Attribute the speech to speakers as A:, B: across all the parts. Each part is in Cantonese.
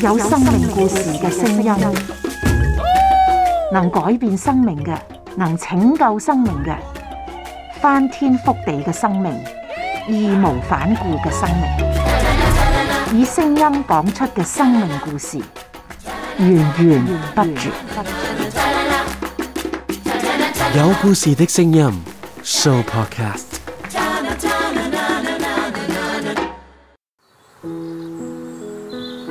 A: 有生命故事嘅聲音，能改變生命嘅，能拯救生命嘅，翻天覆地嘅生命，義無反顧嘅生命，以聲音講出嘅生命故事，源源不絕。有故
B: 事嘅聲音，Show Podcast。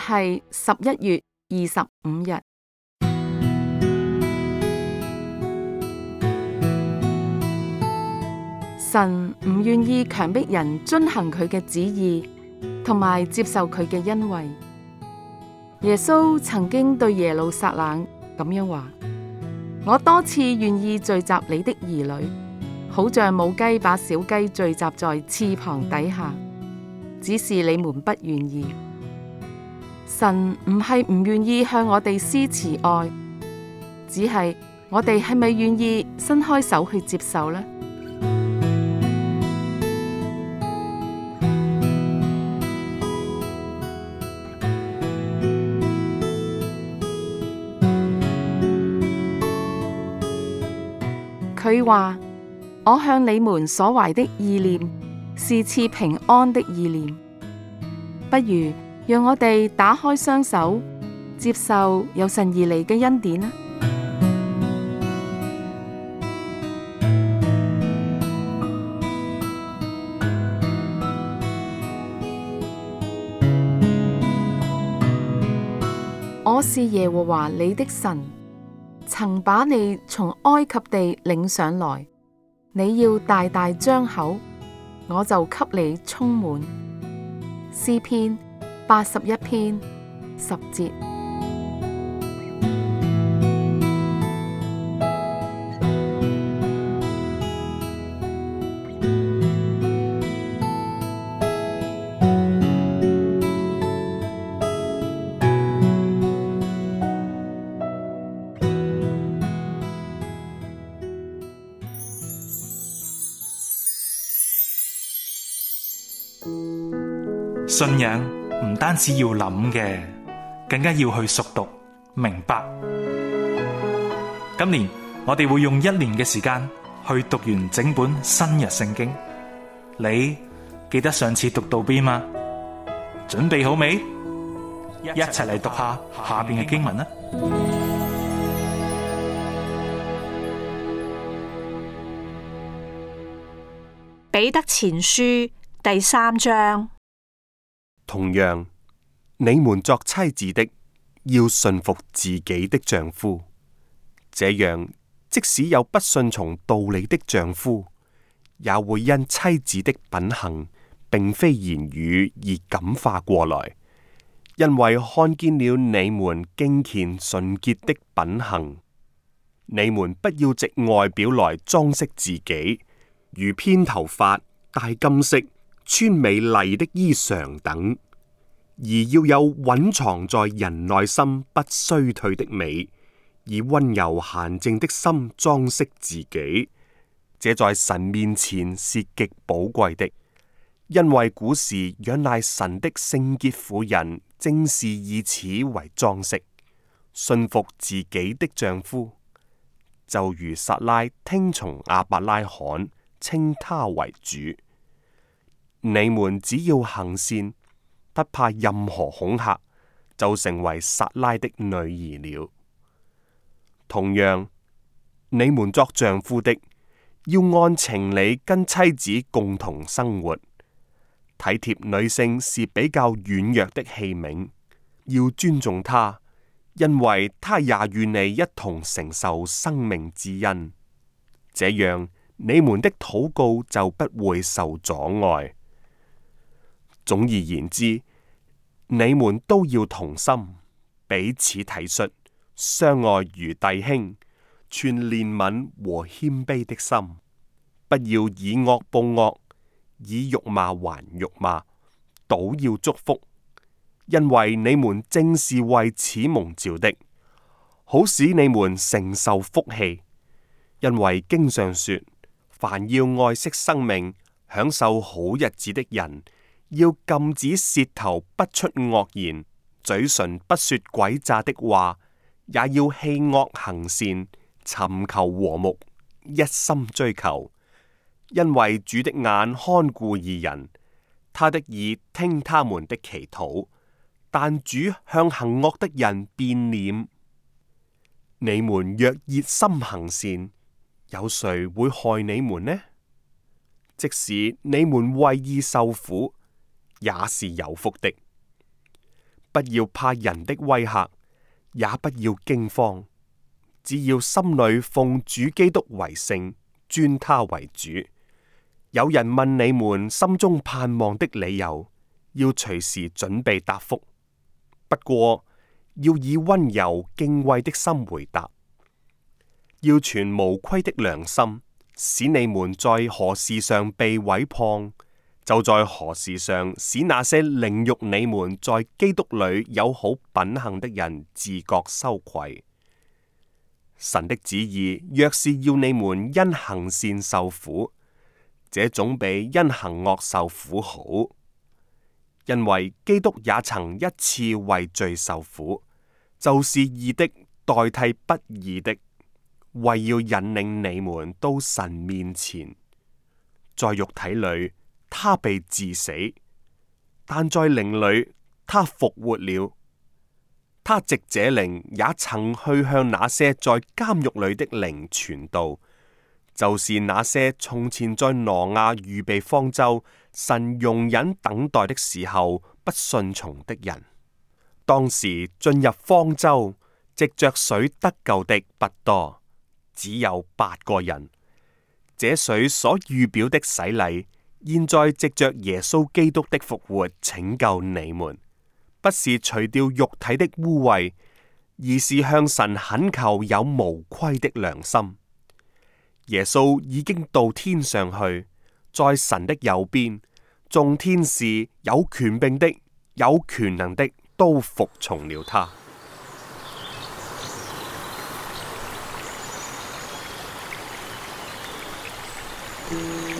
A: 係十一月二十五日，神唔願意強迫人遵行佢嘅旨意，同埋接受佢嘅恩惠。耶穌曾經對耶路撒冷咁樣話：「我多次願意聚集你的兒女，好像母雞把小雞聚集在翅膀底下，只是你們不願意。」神唔係唔願意向我哋施慈愛，只係我哋係咪願意伸開手去接受呢？佢話：我向你們所懷的意念是賜平安的意念，不如。讓我哋打開雙手，接受有神而嚟嘅恩典啦。 我是耶和華你的神，曾把你從埃及地領上來。你要大大張口，我就給你充滿。詩篇。八十一篇十節，
B: 信仰。唔單止要諗嘅，更加要去熟讀明白。今年我哋會用一年嘅時間去讀完整本新約聖經。你記得上次讀到邊嗎？準備好未？一齊嚟讀下下邊嘅經文啦！
A: 彼得前書第三章。
B: 同樣，你們作妻子的要順服自己的丈夫，這樣即使有不信從道理的丈夫，也會因妻子的品行，並非言語而感化過來，因為看見了你們敬虔純潔的品行。你們不要藉外表來裝飾自己，如編頭髮、戴金飾。穿美麗的衣裳等，而要有蘊藏在人內心不衰退的美，以溫柔嫻靜的心裝飾自己。這在神面前是極寶貴的，因為古時仰賴神的聖潔婦人，正是以此為裝飾，信服自己的丈夫，就如撒拉聽從亞伯拉罕，稱他為主。你們只要行善，不怕任何恐嚇，就成為撒拉的女兒了。同樣，你們作丈夫的要按情理跟妻子共同生活，體貼女性是比較軟弱的器皿，要尊重她，因為她也與你一同承受生命之恩。這樣，你們的禱告就不會受阻礙。總而言之，你們都要同心，彼此體恤，相愛如弟兄，存憐憫和謙卑的心，不要以惡報惡，以辱罵還辱罵，倒要祝福，因為你們正是為此蒙召的，好使你們承受福氣。因為經上說：凡要愛惜生命，享受好日子的人。要禁止舌頭不出惡言，嘴唇不說詭詐的話，也要棄惡行善，尋求和睦，一心追求。因為主的眼看顧義人，他的耳聽他們的祈禱。但主向行惡的人變臉。你們若熱心行善，有誰會害你們呢？即使你們為義受苦。也是有福的，不要怕人的威吓，也不要驚慌，只要心裏奉主基督為聖，尊他為主。有人問你們心中盼望的理由，要隨時準備答覆，不過要以温柔敬畏的心回答，要存無虧的良心，使你們在何事上被毀謗。就在何事上使那些凌辱你們在基督裏有好品行的人自覺羞愧。神的旨意若是要你們因行善受苦，這總比因行惡受苦好，因為基督也曾一次為罪受苦，就是義的代替不義的，為要引領你們到神面前，在肉體裏。他被致死，但在靈裏他復活了。他藉着靈也曾去向那些在監獄裏的靈傳道，就是那些從前在挪亞預備方舟、神容忍等待的時候不順從的人。當時進入方舟、藉着水得救的不多，只有八個人。這水所預表的洗禮。現在藉着耶穌基督的復活拯救你們，不是除掉肉體的污穢，而是向神懇求有無愧的良心。耶穌已經到天上去，在神的右邊，眾天使、有權柄的、有權能的，都服從了他。嗯